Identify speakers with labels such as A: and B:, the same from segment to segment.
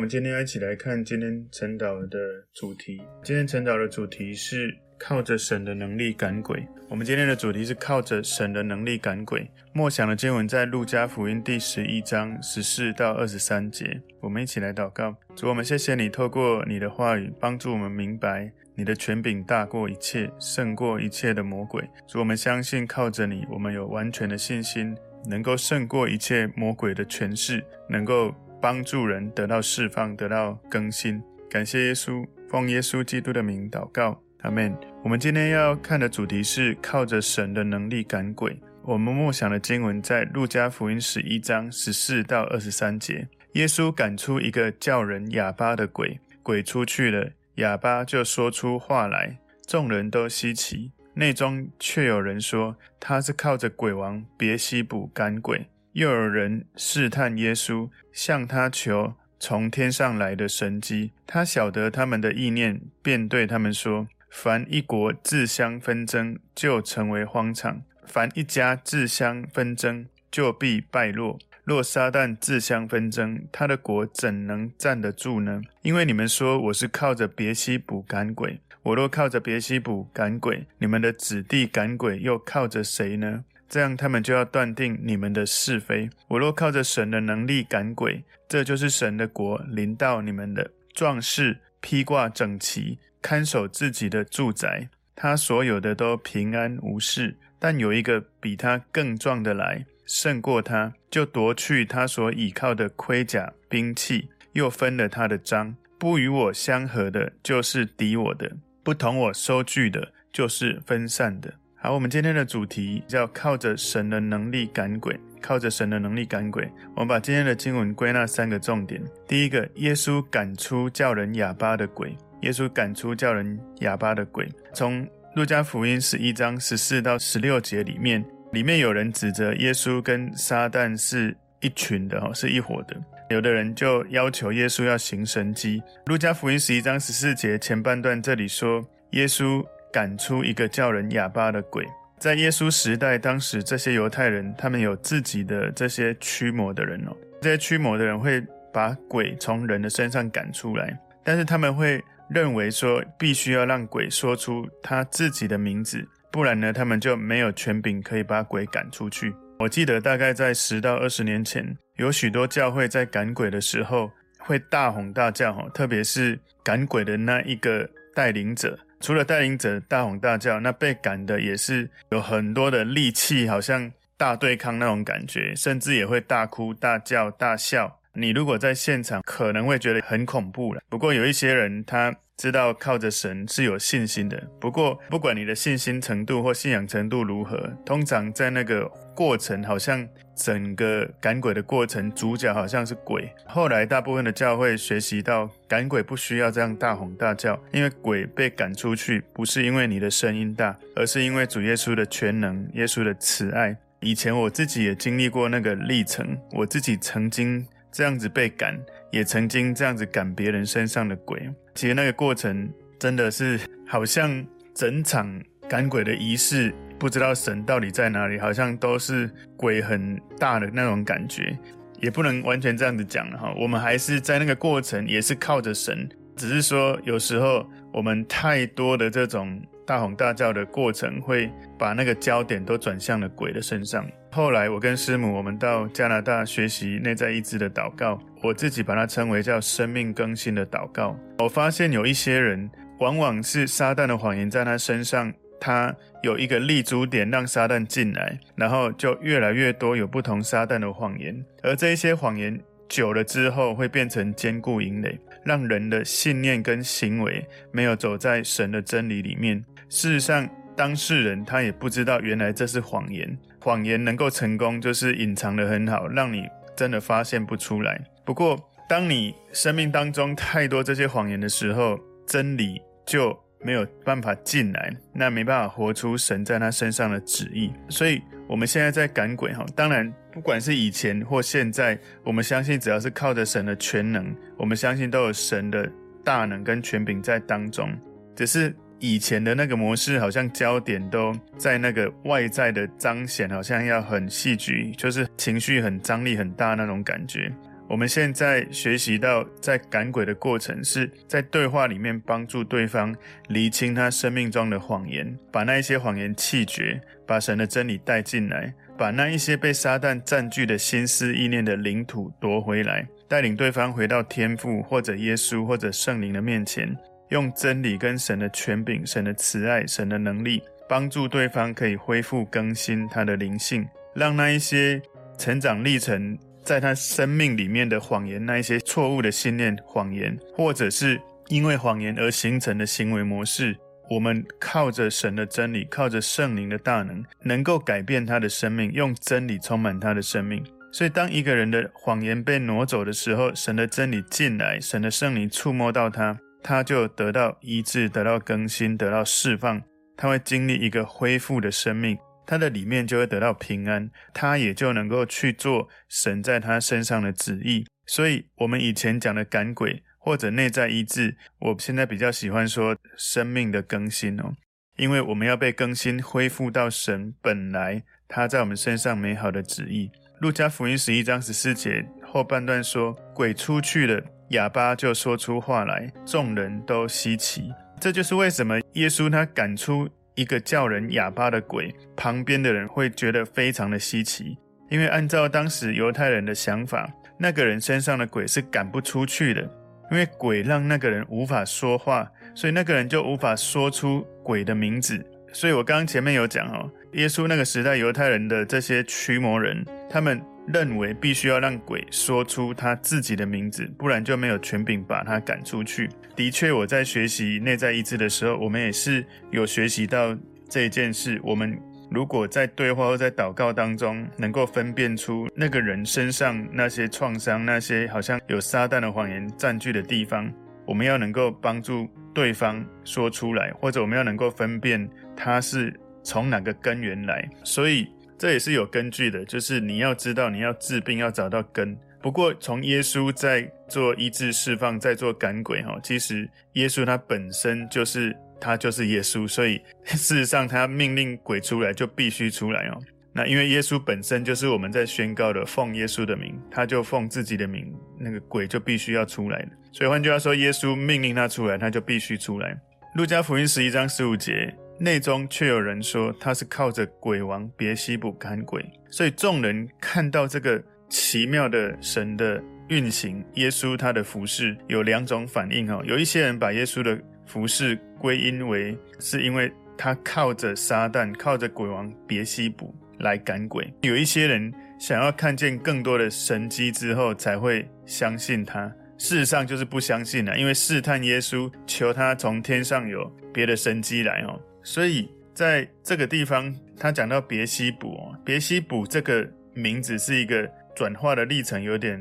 A: 我們今天要一起來看今天晨導的主題。今天晨導的主題是靠着神的能力趕鬼。我們今天的主題是靠着神的能力趕鬼。默想的經文在路加福音第十一章十四到二十三節。我們一起來禱告，主，我們謝謝你，透過你的話語幫助我們明白你的權柄大過一切，勝過一切的魔鬼。主，我們相信靠着你，我們有完全的信心，能夠勝過一切魔鬼的權勢，能夠。幫助人得到釋放，得到更新。感謝耶穌，奉耶穌基督的名禱告，阿們。我們今天要看的主題是靠着神的能力趕鬼。我們默想的經文在路加福音十一章十四到二十三節。耶穌趕出一個叫人啞巴的鬼，鬼出去了，啞巴就說出話來，眾人都稀奇。內中卻有人說他是靠着鬼王別西卜趕鬼。又有人試探耶穌，向他求從天上來的神跡。他曉得他們的意念，便對他們說：凡一國自相紛爭，就成為荒場；凡一家自相紛爭，就必敗落。若撒旦自相紛爭，他的國怎能站得住呢？因為你們說我是靠着別西卜趕鬼。我若靠着別西卜趕鬼，你們的子弟趕鬼又靠着誰呢？這樣，他們就要斷定你們的是非。我若靠着神的能力趕鬼，這就是神的國臨到你們的。壯士披掛整齊，看守自己的住宅，他所有的都平安無事。但有一個比他更壯的來，勝過他，就奪去他所倚靠的盔甲兵器，又分了他的章。不與我相合的，就是敵我的；不同我收據的，就是分散的。好，我們今天的主題叫靠着神的能力趕鬼。靠着神的能力趕鬼，我們把今天的經文歸納三個重點。第一個，耶穌趕出叫人啞巴的鬼。耶穌趕出叫人啞巴的鬼，從路加福音十一章十四到十六節裡面，裡面有人指責耶穌跟撒旦是一群的哦，是一夥的。有的人就要求耶穌要行神蹟。路加福音十一章十四節前半段這裡說，耶穌。趕出一個叫人啞巴的鬼。在耶穌時代，當時這些猶太人，他們有自己的這些驅魔的人哦。這些驅魔的人會把鬼從人的身上趕出來，但是他們會認為說，必須要讓鬼說出他自己的名字，不然呢，他們就沒有權柄可以把鬼趕出去。我記得大概在十到二十年前，有許多教會在趕鬼的時候會大吼大叫哦，特別是趕鬼的那一個帶領者。除了帶領者大吼大叫，那被趕的也是有很多的力氣，好像大對抗那種感覺，甚至也會大哭大叫大笑。你如果在現場可能會覺得很恐怖了。不過有一些人他知道靠着神是有信心的。不過不管你的信心程度或信仰程度如何，通常在那個過程，好像整個趕鬼的過程，主角好像是鬼。後來大部分的教會學習到，趕鬼不需要這樣大吼大叫，因為鬼被趕出去不是因為你的聲音大，而是因為主耶穌的全能、耶穌的慈愛。以前我自己也經歷過那個歷程，我自己曾經。這樣子被趕，也曾經這樣子趕別人身上的鬼。其實那個過程真的是好像整場趕鬼的儀式，不知道神到底在哪裡，好像都是鬼很大的那種感覺。也不能完全這樣子講了哈，我們還是在那個過程，也是靠着神。只是說有時候我們太多的這種大吼大叫的過程，會把那個焦點都轉向了鬼的身上。後來，我跟師母，我們到加拿大學習內在醫治的禱告，我自己把它稱為叫生命更新的禱告。我發現有一些人，往往是撒旦的謊言在他身上，他有一個立足點讓撒旦進來，然後就越來越多有不同撒旦的謊言。而這一些謊言久了之後，會變成堅固營壘，讓人的信念跟行為沒有走在神的真理裡面。事實上，當事人他也不知道原來這是謊言。謊言能夠成功，就是隱藏得很好，讓你真的發現不出來。不過，當你生命當中太多這些謊言的時候，真理就沒有辦法進來，那沒辦法活出神在他身上的旨意。所以，我們現在在趕鬼哈。當然，不管是以前或現在，我們相信，只要是靠着神的全能，我們相信都有神的大能跟權柄在當中。只是。以前的那個模式，好像焦點都在那個外在的彰顯，好像要很戲劇，就是情緒很張力很大那種感覺。我們現在學習到，在趕鬼的過程，是在對話裡面幫助對方釐清他生命中的謊言，把那一些謊言棄絕，把神的真理帶進來，把那一些被撒旦佔據的心思意念的領土奪回來，帶領對方回到天父或者耶穌或者聖靈的面前。用真理跟神的權柄、神的慈愛、神的能力幫助對方，可以恢復、更新他的靈性，讓那一些成長歷程在他生命裡面的謊言、那一些錯誤的信念、謊言，或者是因為謊言而形成的行為模式，我們靠着神的真理，靠着聖靈的大能，能夠改變他的生命，用真理充滿他的生命。所以，當一個人的謊言被挪走的時候，神的真理進來，神的聖靈觸摸到他。他就得到醫治，得到更新，得到釋放。他會經歷一個恢復的生命，他的裡面就會得到平安，他也就能夠去做神在他身上的旨意。所以，我們以前講的趕鬼或者內在醫治，我現在比較喜歡說生命的更新哦，因為我們要被更新，恢復到神本來他在我們身上美好的旨意。路加福音十一章十四節後半段說：“鬼出去了。”啞巴就說出話來，眾人都稀奇。這就是為什麼耶穌他趕出一個叫人啞巴的鬼，旁邊的人會覺得非常的稀奇。因為按照當時猶太人的想法，那個人身上的鬼是趕不出去的，因為鬼讓那個人無法說話，所以那個人就無法說出鬼的名字。所以我剛剛前面有講哦，耶穌那個時代猶太人的這些驅魔人，他們。認為必須要讓鬼說出他自己的名字，不然就沒有權柄把他趕出去。的確，我在學習內在醫治的時候，我們也是有學習到這一件事。我們如果在對話或在禱告當中，能夠分辨出那個人身上那些創傷、那些好像有撒旦的謊言佔據的地方，我們要能夠幫助對方說出來，或者我們要能夠分辨他是從哪個根源來。所以。這也是有根據的，就是你要知道，你要治病要找到根。不過從耶穌在做醫治釋放，在做趕鬼哈，其實耶穌他本身就是他就是耶穌，所以事實上他命令鬼出來就必須出來哦。那因為耶穌本身就是我們在宣告的，奉耶穌的名，他就奉自己的名，那個鬼就必須要出來。所以換句話說，耶穌命令他出來，他就必須出來。路加福音十一章十五節。內中卻有人說他是靠着鬼王別西卜趕鬼，所以眾人看到這個奇妙的神的運行，耶穌他的服事有兩種反應，哦，有一些人把耶穌的服事歸因為是因為他靠着撒旦、靠着鬼王別西卜來趕鬼；有一些人想要看見更多的神蹟之後才會相信他，事實上就是不相信了，因為試探耶穌，求他從天上有別的神蹟來，哦所以在這個地方，他講到別西卜，別西卜這個名字是一個轉化的歷程，有點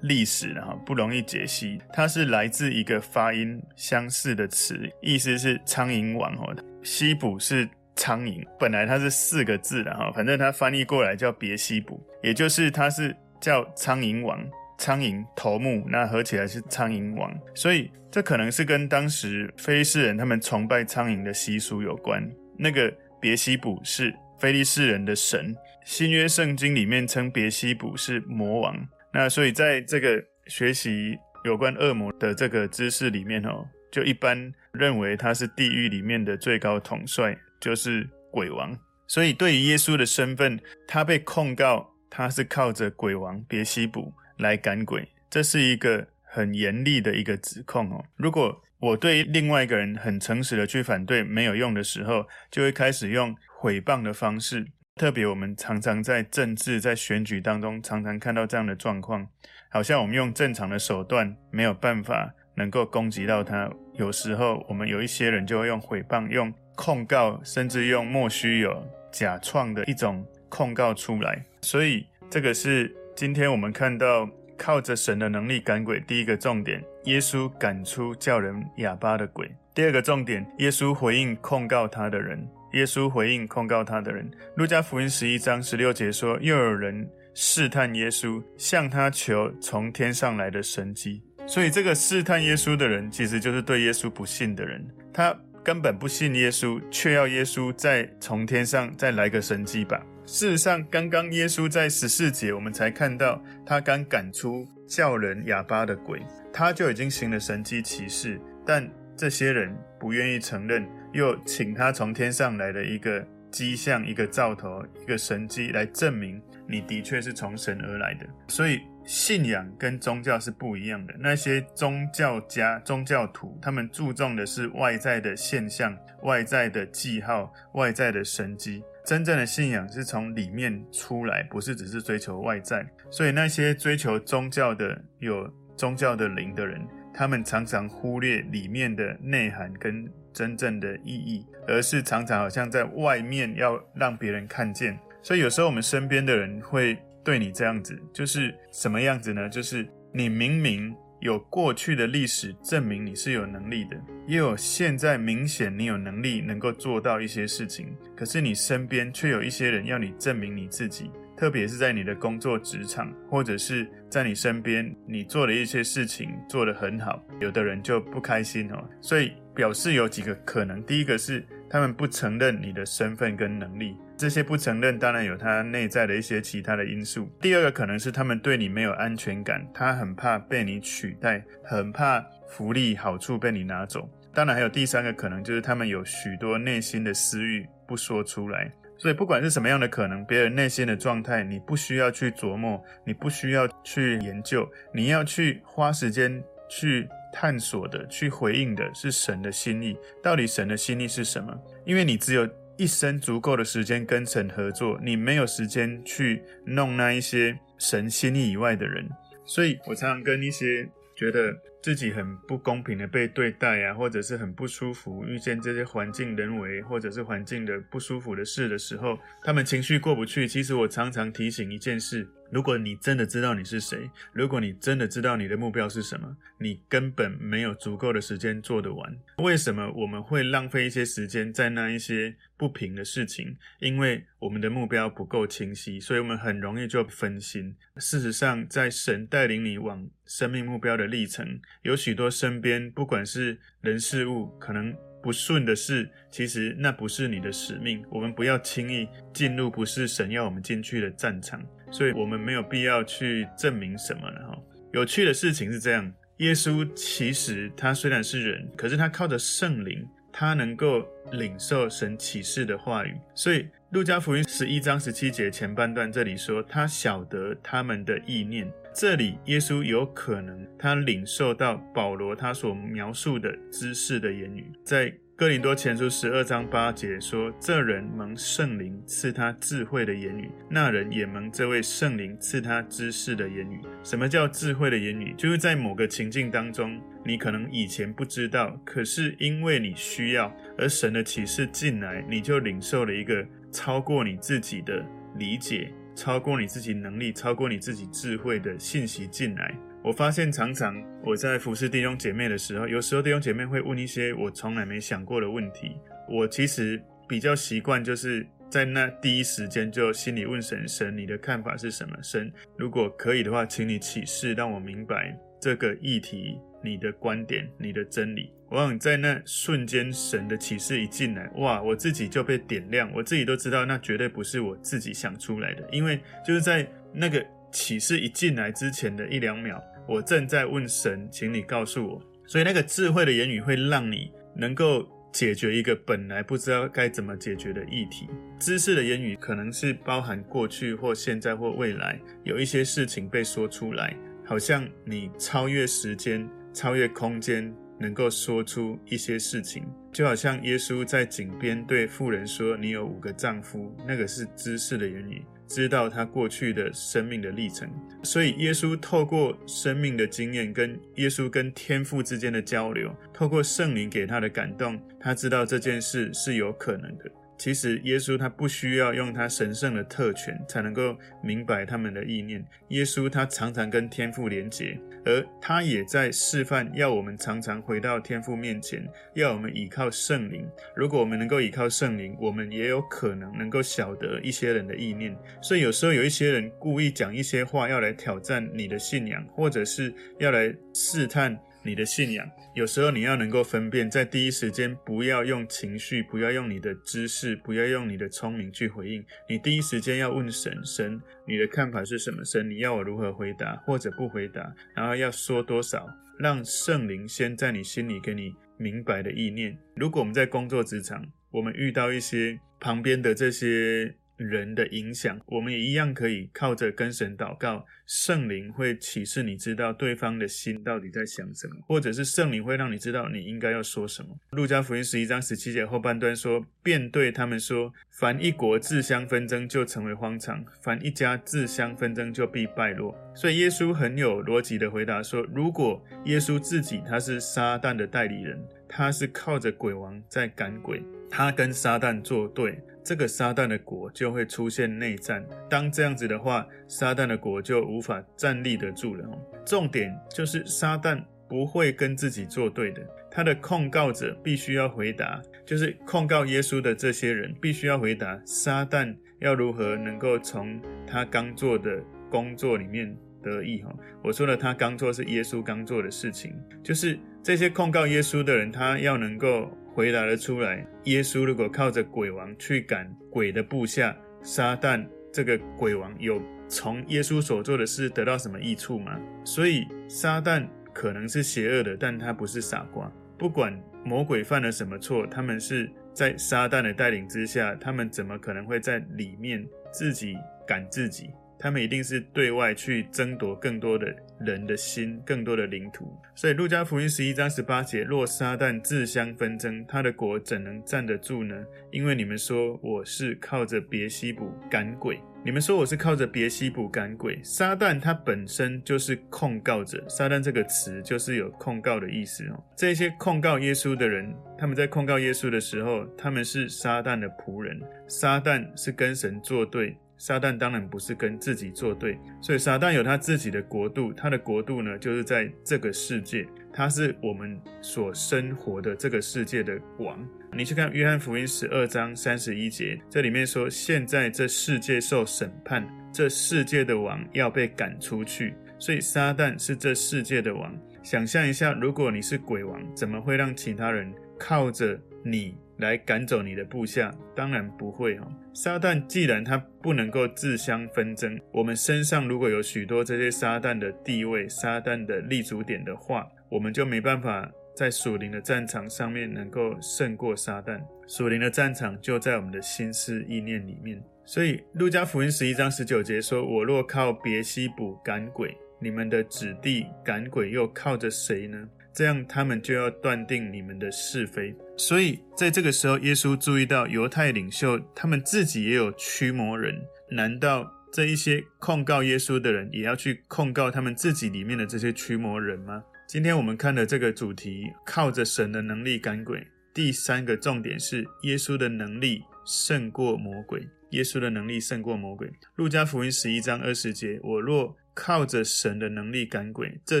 A: 歷史了哈，不容易解析。它是來自一個發音相似的詞，意思是蒼蠅王哈。西卜是蒼蠅，本來它是四個字的哈，反正它翻譯過來叫別西卜，也就是它是叫蒼蠅王。蒼蠅頭目，那合起來是蒼蠅王，所以這可能是跟當時非利士人他們崇拜蒼蠅的習俗有關。那個別西卜是非利士人的神，新約聖經裡面稱別西卜是魔王。那所以在這個學習有關惡魔的這個知識裡面哦，就一般認為他是地獄裡面的最高統帥，就是鬼王。所以對於耶穌的身份，他被控告他是靠着鬼王別西卜，來趕鬼，這是一個很嚴厲的一個指控哦。如果我對另外一個人很誠實的去反對沒有用的時候，就會開始用誹謗的方式。特別我們常常在政治在選舉當中，常常看到這樣的狀況，好像我們用正常的手段沒有辦法能夠攻擊到他。有時候我們有一些人就會用誹謗、用控告，甚至用莫須有、假創的一種控告出來。所以這個是。今天我們看到靠着神的能力趕鬼，第一個重點，耶穌趕出叫人啞巴的鬼；第二個重點，耶穌回應控告他的人。耶穌回應控告他的人。路加福音十一章十六節說：“又有人試探耶穌，向他求從天上來的神迹。”所以，這個試探耶穌的人，其實就是對耶穌不信的人。他根本不信耶穌，却要耶穌再從天上再來個神迹吧。事實上，剛剛耶穌在十四節，我們才看到他剛趕出叫人啞巴的鬼，他就已經行了神蹟奇事。但這些人不願意承認，又請他從天上來的一個跡象、一個兆頭、一個神蹟來證明你的確是從神而來的。所以，信仰跟宗教是不一樣的。那些宗教家、宗教徒，他們注重的是外在的現象、外在的記號、外在的神蹟真正的信仰是從裡面出來，不是只是追求外在。所以那些追求宗教的、有宗教的靈的人，他們常常忽略裡面的內涵跟真正的意義，而是常常好像在外面要讓別人看見。所以有時候我們身邊的人會對你這樣子，就是什麼樣子呢？就是你明明。有過去的歷史證明你是有能力的，也有現在明顯你有能力能夠做到一些事情。可是你身邊卻有一些人要你證明你自己，特別是在你的工作職場，或者是在你身邊，你做的一些事情做得很好，有的人就不開心哦。所以表示有幾個可能，第一個是他們不承認你的身份跟能力。這些不承認，當然有他內在的一些其他的因素。第二個可能是他們對你沒有安全感，他很怕被你取代，很怕福利好處被你拿走。當然還有第三個可能，就是他們有許多內心的私欲不說出來。所以不管是什麼樣的可能，別人內心的狀態，你不需要去琢磨，你不需要去研究，你要去花時間去探索的，去回應的是神的心意。到底神的心意是什麼？因為你只有。一生足夠的時間跟神合作，你沒有時間去弄那一些神心意以外的人，所以，我常常跟一些覺得自己很不公平的被對待啊，或者是很不舒服，遇見這些環境人為或者是環境的不舒服的事的時候，他們情緒過不去。其實，我常常提醒一件事。如果你真的知道你是誰，如果你真的知道你的目標是什麼，你根本沒有足夠的時間做得完。為什麼我們會浪費一些時間在那一些不平的事情？因為我們的目標不夠清晰，所以我們很容易就分心。事實上，在神帶領你往生命目標的歷程，有許多身邊不管是人事物可能不順的事，其實那不是你的使命。我們不要輕易進入不是神要我們進去的戰場。所以我們沒有必要去證明什麼了哈。有趣的事情是這樣：耶穌其實他雖然是人，可是他靠着聖靈，他能夠領受神啟示的話語。所以《路加福音》十一章十七節前半段這裡說，他曉得他們的意念。這裡耶穌有可能他領受到保羅他所描述的知識的言語，在。哥林多前書十二章八節說：“這人蒙聖靈賜他智慧的言語，那人也蒙這位聖靈賜他知識的言語。”什麼叫智慧的言語？就是在某個情境當中，你可能以前不知道，可是因為你需要，而神的啟示進來，你就領受了一個超過你自己的理解、超過你自己能力、超過你自己智慧的信息進來。我發現常常我在服侍弟兄姐妹的時候，有時候弟兄姐妹會問一些我從來沒想過的問題。我其實比較習慣，就是在那第一時間就心裡問神，神，你的看法是什麼？神，如果可以的話，請你啟示讓我明白這個議題，你的觀點，你的真理。往往在那瞬間，神的啟示一進來，哇，我自己就被點亮，我自己都知道，那絕對不是我自己想出來的，因為就是在那個啟示一進來之前的一兩秒。我正在問神，請你告訴我。所以那個智慧的言語會讓你能夠解決一個本來不知道該怎麼解決的議題。知識的言語可能是包含過去或現在或未來，有一些事情被說出來，好像你超越時間、超越空間，能夠說出一些事情。就好像耶穌在井邊對婦人說：“你有五個丈夫。”那個是知識的言語。知道他過去的生命的歷程，所以耶穌透過生命的經驗跟耶穌跟天父之間的交流，透過聖靈給他的感動，他知道這件事是有可能的。其實，耶穌他不需要用他神聖的特權才能夠明白他們的意念。耶穌他常常跟天父連結，而他也在示範要我們常常回到天父面前，要我們倚靠聖靈。如果我們能夠倚靠聖靈，我們也有可能能夠曉得一些人的意念。所以有時候有一些人故意講一些話，要來挑戰你的信仰，或者是要來試探。你的信仰，有時候你要能夠分辨，在第一時間不要用情緒，不要用你的知識，不要用你的聰明去回應。你第一時間要問神，神，你的看法是什麼？神，你要我如何回答，或者不回答？然後要說多少，讓聖靈先在你心裡給你明白的意念。如果我們在工作職場，我們遇到一些旁邊的這些。人的影響，我們也一樣可以靠着跟神禱告，聖靈會啟示你知道對方的心到底在想什麼，或者是聖靈會讓你知道你應該要說什麼。路加福音十一章十七節後半段說：“便對他們說，凡一國自相紛爭，就成為荒場；凡一家自相紛爭，就必敗落。”所以耶穌很有邏輯的回答說：“如果耶穌自己他是撒旦的代理人，他是靠着鬼王在趕鬼，他跟撒旦作對。”這個撒旦的國就會出現內戰。當這樣子的話，撒旦的國就無法站立得住了。重點就是撒旦不會跟自己作對的，他的控告者必須要回答，就是控告耶穌的這些人必須要回答，撒旦要如何能夠從他剛做的工作裡面得益？哈，我說了，他剛做是耶穌剛做的事情，就是這些控告耶穌的人，他要能夠。回答了出來。耶穌如果靠着鬼王去趕鬼的部下，撒旦這個鬼王有從耶穌所做的事得到什麼益處嗎？所以撒旦可能是邪惡的，但他不是傻瓜。不管魔鬼犯了什麼錯，他們是在撒旦的帶領之下，他們怎麼可能會在裡面自己趕自己？他們一定是對外去爭奪更多的人的心，更多的領土。所以路加福音十一章十八節：若撒旦自相紛爭，他的國怎能站得住呢？因為你們說我是靠着別西卜趕鬼，你們說我是靠着別西卜趕鬼。撒旦他本身就是控告者，撒旦這個詞就是有控告的意思哦。這些控告耶穌的人，他們在控告耶穌的時候，他們是撒旦的僕人，撒旦是跟神作對。撒旦當然不是跟自己作對，所以撒旦有他自己的國度，他的國度呢就是在這個世界，他是我們所生活的這個世界的王。你去看約翰福音十二章三十一節，這裡面說，現在這世界受審判，這世界的王要被趕出去，所以撒旦是這世界的王。想象一下，如果你是鬼王，怎麼會讓其他人，靠着你來趕走你的部下，當然不會哈、哦。撒旦既然他不能夠自相紛爭，我們身上如果有許多這些撒旦的地位、撒旦的立足點的話，我們就沒辦法在屬靈的戰場上面能夠勝過撒旦。屬靈的戰場就在我們的心思意念裡面。所以路加福音十一章十九節說：“我若靠別西卜趕鬼，你們的子弟趕鬼又靠着誰呢？”這樣，他們就要斷定你們的是非。所以，在這個時候，耶穌注意到猶太領袖他們自己也有驅魔人，難道這一些控告耶穌的人也要去控告他們自己裡面的這些驅魔人嗎？今天我們看的這個主題，靠着神的能力趕鬼。第三個重點是，耶穌的能力勝過魔鬼。耶穌的能力勝過魔鬼。路加福音十一章二十節：我若靠着神的能力趕鬼，這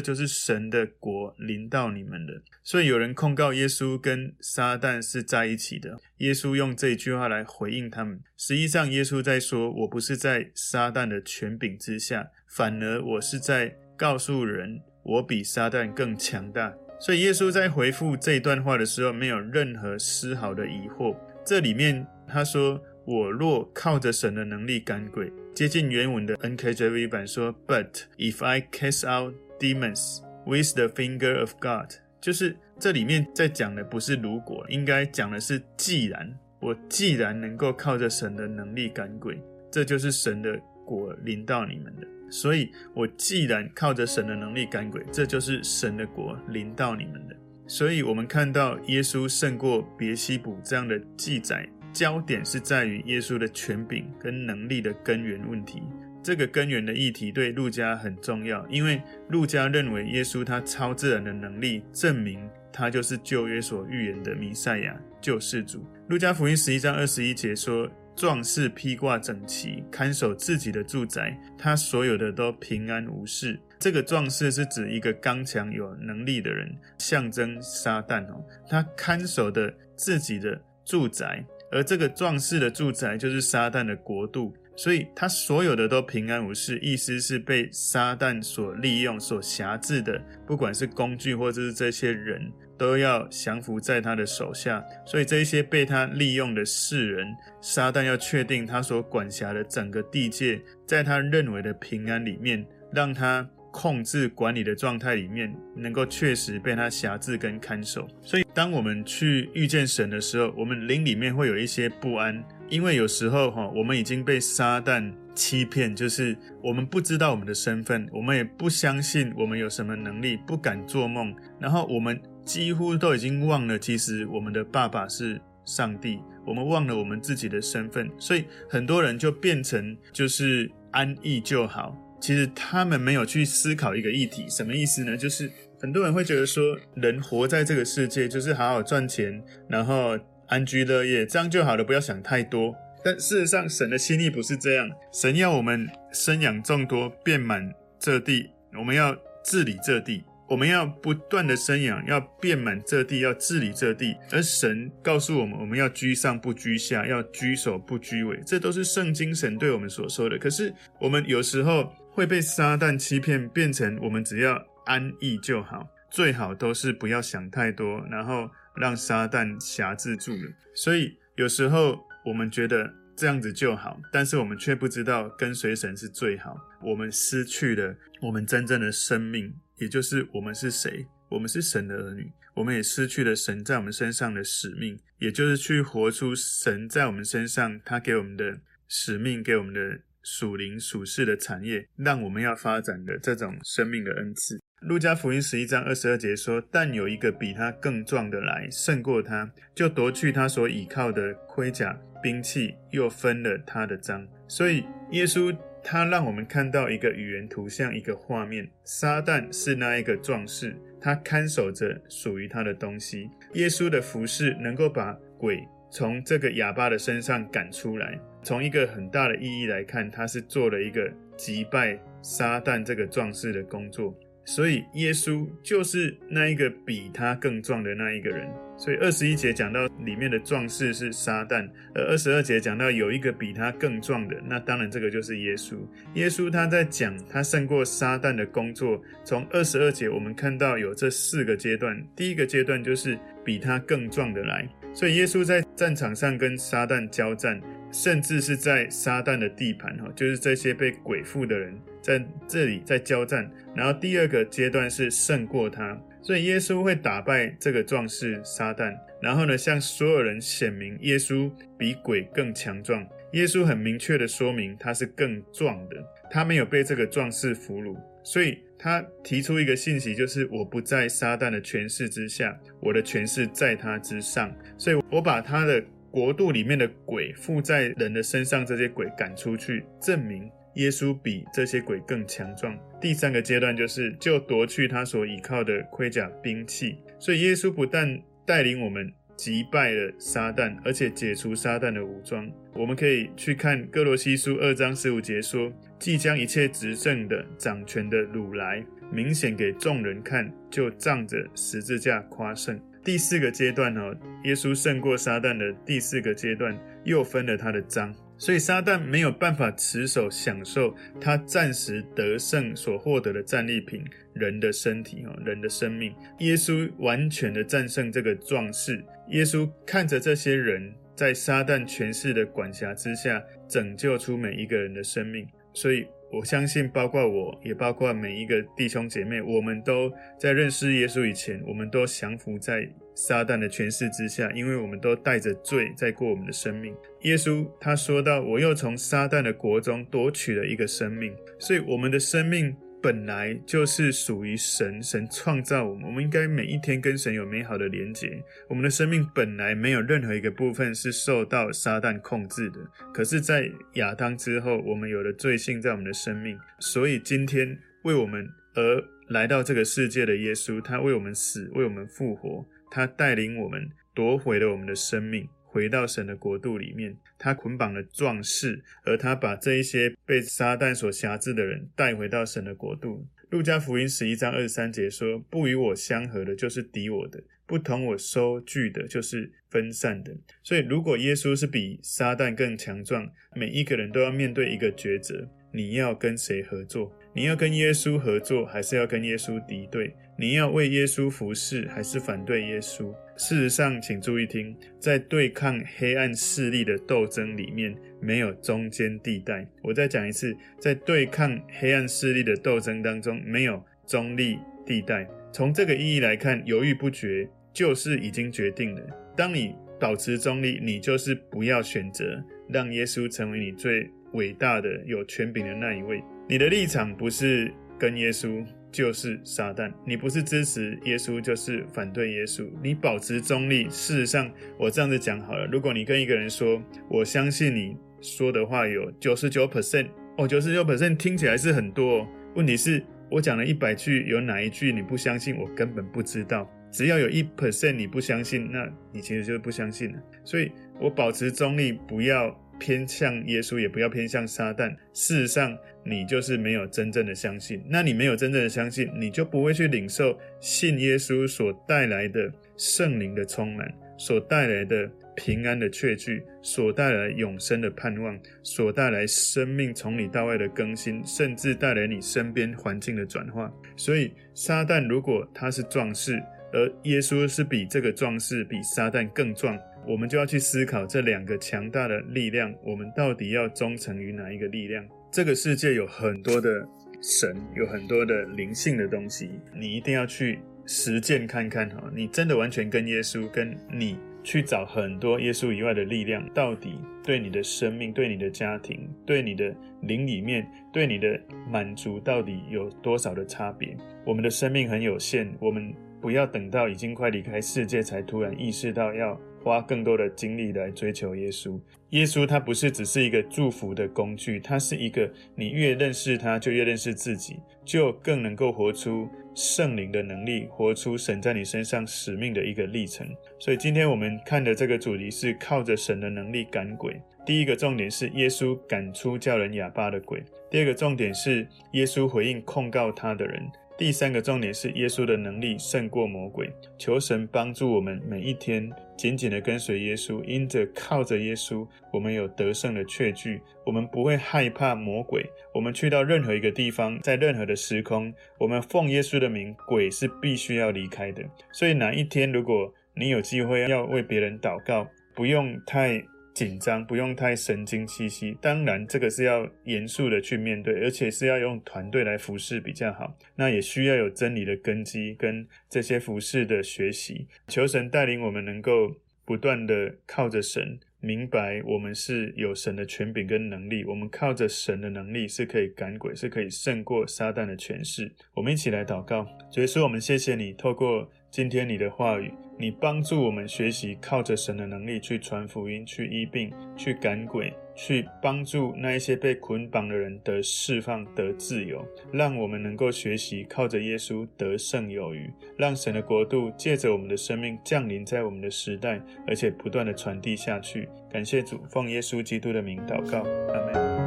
A: 就是神的國臨到你們的。所以有人控告耶穌跟撒旦是在一起的，耶穌用這句話來回應他們。實際上，耶穌在說，我不是在撒旦的權柄之下，反而我是在告訴人，我比撒旦更強大。所以耶穌在回復這段話的時候，沒有任何絲毫的疑惑。這裡面他說。我若靠着神的能力趕鬼，接近原文的 NKJV 版說，But if I cast out demons with the finger of God，就是這裡面在講的不是如果，應該講的是既然，我既然能夠靠着神的能力趕鬼，這就是神的國臨到你們的。所以，我既然靠着神的能力趕鬼，這就是神的國臨到你們的。所以，我們看到耶穌勝過別西卜這樣的記載。焦點是在於耶穌的權柄跟能力的根源問題，這個根源的議題對路加很重要，因為路加認為耶穌他超自然的能力證明他就是舊約所預言的彌賽亞救世主。路加福音十一章二十一節說：“壯士披掛整齊，看守自己的住宅，他所有的都平安無事。”這個壯士是指一個剛強有能力的人，象徵撒旦哦，他看守的自己的住宅。而這個壯士的住宅就是撒旦的國度，所以他所有的都平安無事，意思是被撒旦所利用、所轄制的，不管是工具或者是這些人，都要降服在他的手下。所以這些被他利用的世人，撒旦要確定他所管轄的整個地界，在他認為的平安裡面，讓他。控制管理的狀態裡面，能夠確實被他轄制跟看守。所以，當我們去遇見神的時候，我們靈裡面會有一些不安，因為有時候哈，我們已經被撒旦欺騙，就是我們不知道我們的身份，我們也不相信我們有什麼能力，不敢做夢，然後我們幾乎都已經忘了，其實我們的爸爸是上帝，我們忘了我們自己的身份，所以很多人就變成就是安逸就好。其實他們沒有去思考一個議題，什麼意思呢？就是很多人會覺得說，人活在這個世界就是好好賺錢，然後安居樂業，這樣就好了，不要想太多。但事實上，神的心意不是這樣，神要我們生養眾多，遍滿這地，我們要治理這地，我們要不斷的生養，要遍滿這地，要治理這地。而神告訴我們，我們要居上不居下，要居首不居尾，這都是聖經神對我們所說的。可是我們有時候。會被撒旦欺騙，變成我們只要安逸就好，最好都是不要想太多，然後讓撒旦轄制住了。所以有時候我們覺得這樣子就好，但是我們卻不知道跟隨神是最好。我們失去了我們真正的生命，也就是我們是誰？我們是神的兒女，我們也失去了神在我們身上的使命，也就是去活出神在我們身上他給我們的使命，給我們的。屬靈屬世的產業，讓我們要發展的這種生命的恩賜。路加福音十一章二十二節說：“但有一個比他更壯的來，勝過他，就奪去他所倚靠的盔甲、兵器，又分了他的贓。”所以，耶穌他讓我們看到一個語言圖像、一個畫面：撒旦是那一個壯士，他看守着屬於他的東西。耶穌的服事能夠把鬼從這個啞巴的身上趕出來。從一個很大的意義來看，他是做了一個擊敗撒旦這個壯士的工作，所以耶穌就是那一個比他更壯的那一個人。所以二十一節講到裡面的壯士是撒旦，而二十二節講到有一個比他更壯的，那當然這個就是耶穌。耶穌他在講他勝過撒旦的工作。從二十二節我們看到有這四個階段，第一個階段就是比他更壯的來，所以耶穌在戰場上跟撒旦交戰。甚至是在撒旦的地盤哈，就是這些被鬼附的人在這裡在交戰。然後第二個階段是勝過他，所以耶穌會打敗這個壯士撒旦。然後呢，向所有人顯明耶穌比鬼更強壯。耶穌很明確地說明他是更壯的，他沒有被這個壯士俘虜，所以他提出一個信息，就是我不在撒旦的權勢之下，我的權勢在他之上，所以我把他的。國度裡面的鬼附在人的身上，這些鬼趕出去，證明耶穌比這些鬼更強壯。第三個階段就是就奪去他所倚靠的盔甲兵器，所以耶穌不但帶領我們擊敗了撒旦，而且解除撒旦的武裝。我們可以去看歌羅西書二章十五節說：“既將一切執政的、掌權的擄來，明顯給眾人看，就仗着十字架誇勝。”第四個階段呢，耶穌勝過撒旦的第四個階段，又分了他的贓，所以撒旦沒有辦法持守享受他暫時得勝所獲得的戰利品，人的身體啊，人的生命。耶穌完全的戰勝這個壯士，耶穌看着這些人在撒旦權勢的管轄之下，拯救出每一個人的生命，所以。我相信，包括我也包括每一個弟兄姐妹，我們都在認識耶穌以前，我們都降服在撒旦的權勢之下，因為我們都帶着罪在過我們的生命。耶穌他說到：“我又從撒旦的國中奪取了一個生命，所以我們的生命。”本來就是屬於神，神創造我們，我們應該每一天跟神有美好的連結。我們的生命本來沒有任何一個部分是受到撒旦控制的，可是，在亞當之後，我們有了罪性在我們的生命。所以，今天為我們而來到這個世界的耶穌，他為我們死，為我們復活，他帶領我們奪回了我們的生命。回到神的國度裡面，他捆綁了壯士，而他把這一些被撒旦所轄制的人帶回到神的國度。路加福音十一章二十三節說：“不與我相合的，就是敵我的；不同我收聚的，就是分散的。”所以，如果耶穌是比撒旦更強壯，每一個人都要面對一個抉擇：你要跟誰合作？你要跟耶穌合作，還是要跟耶穌敵對？你要為耶穌服侍，還是反對耶穌？事實上，請注意聽，在對抗黑暗勢力的鬥爭裡面，沒有中間地帶。我再講一次，在對抗黑暗勢力的鬥爭當中，沒有中立地帶。從這個意義來看，猶豫不決就是已經決定了。當你保持中立，你就是不要選擇讓耶穌成為你最偉大的、有權柄的那一位。你的立場不是跟耶穌。就是撒旦，你不是支持耶穌就是反對耶穌，你保持中立。事實上，我這樣子講好了，如果你跟一個人說我相信你說的話有九十九 percent，哦，九十九 percent 聽起來是很多哦。問題是，我講了一百句，有哪一句你不相信？我根本不知道。只要有一 percent 你不相信，那你其實就不相信了。所以我保持中立，不要。偏向耶穌，也不要偏向撒旦。事實上，你就是沒有真正的相信。那你沒有真正的相信，你就不會去領受信耶穌所帶來的聖靈的充滿，所帶來的平安的確據，所帶來的永生的盼望，所帶來生命從裡到外的更新，甚至帶來你身邊環境的轉化。所以，撒旦如果他是壯士，而耶穌是比這個壯士比撒旦更壯。我們就要去思考這兩個強大的力量，我們到底要忠誠於哪一個力量？這個世界有很多的神，有很多的靈性的東西，你一定要去實踐看看哈。你真的完全跟耶穌，跟你去找很多耶穌以外的力量，到底對你的生命、對你的家庭、對你的靈裡面、對你的滿足，到底有多少的差別？我們的生命很有限，我們不要等到已經快離開世界，才突然意識到要。花更多的精力來追求耶穌。耶穌他不是只是一個祝福的工具，他是一個你越認識他，就越認識自己，就更能夠活出聖靈的能力，活出神在你身上使命的一個歷程。所以今天我們看的這個主題是靠着神的能力趕鬼。第一個重點是耶穌趕出叫人啞巴的鬼。第二個重點是耶穌回應控告他的人。第三個重點是耶穌的能力勝過魔鬼，求神幫助我們每一天緊緊地跟隨耶穌，因着靠着耶穌，我們有得勝的確據，我們不會害怕魔鬼。我們去到任何一個地方，在任何的時空，我們奉耶穌的名，鬼是必須要離開的。所以哪一天如果你有機會要為別人禱告，不用太緊張，不用太神經兮兮，當然這個是要嚴肅的去面對，而且是要用團隊來服侍比較好。那也需要有真理的根基跟這些服侍的學習。求神帶領我們能夠不斷的靠着神，明白我們是有神的權柄跟能力。我們靠着神的能力是可以趕鬼，是可以勝過撒旦的權勢。我們一起來禱告，主耶穌，我們謝謝你，透過今天你的話語，你幫助我們學習，靠着神的能力去傳福音，去醫病，去趕鬼，去幫助那一些被捆綁的人得釋放、得自由，讓我們能夠學習靠着耶穌得勝有餘，讓神的國度借着我們的生命降臨在我們的時代，而且不斷地傳遞下去。感謝主，奉耶穌基督的名禱告，阿門。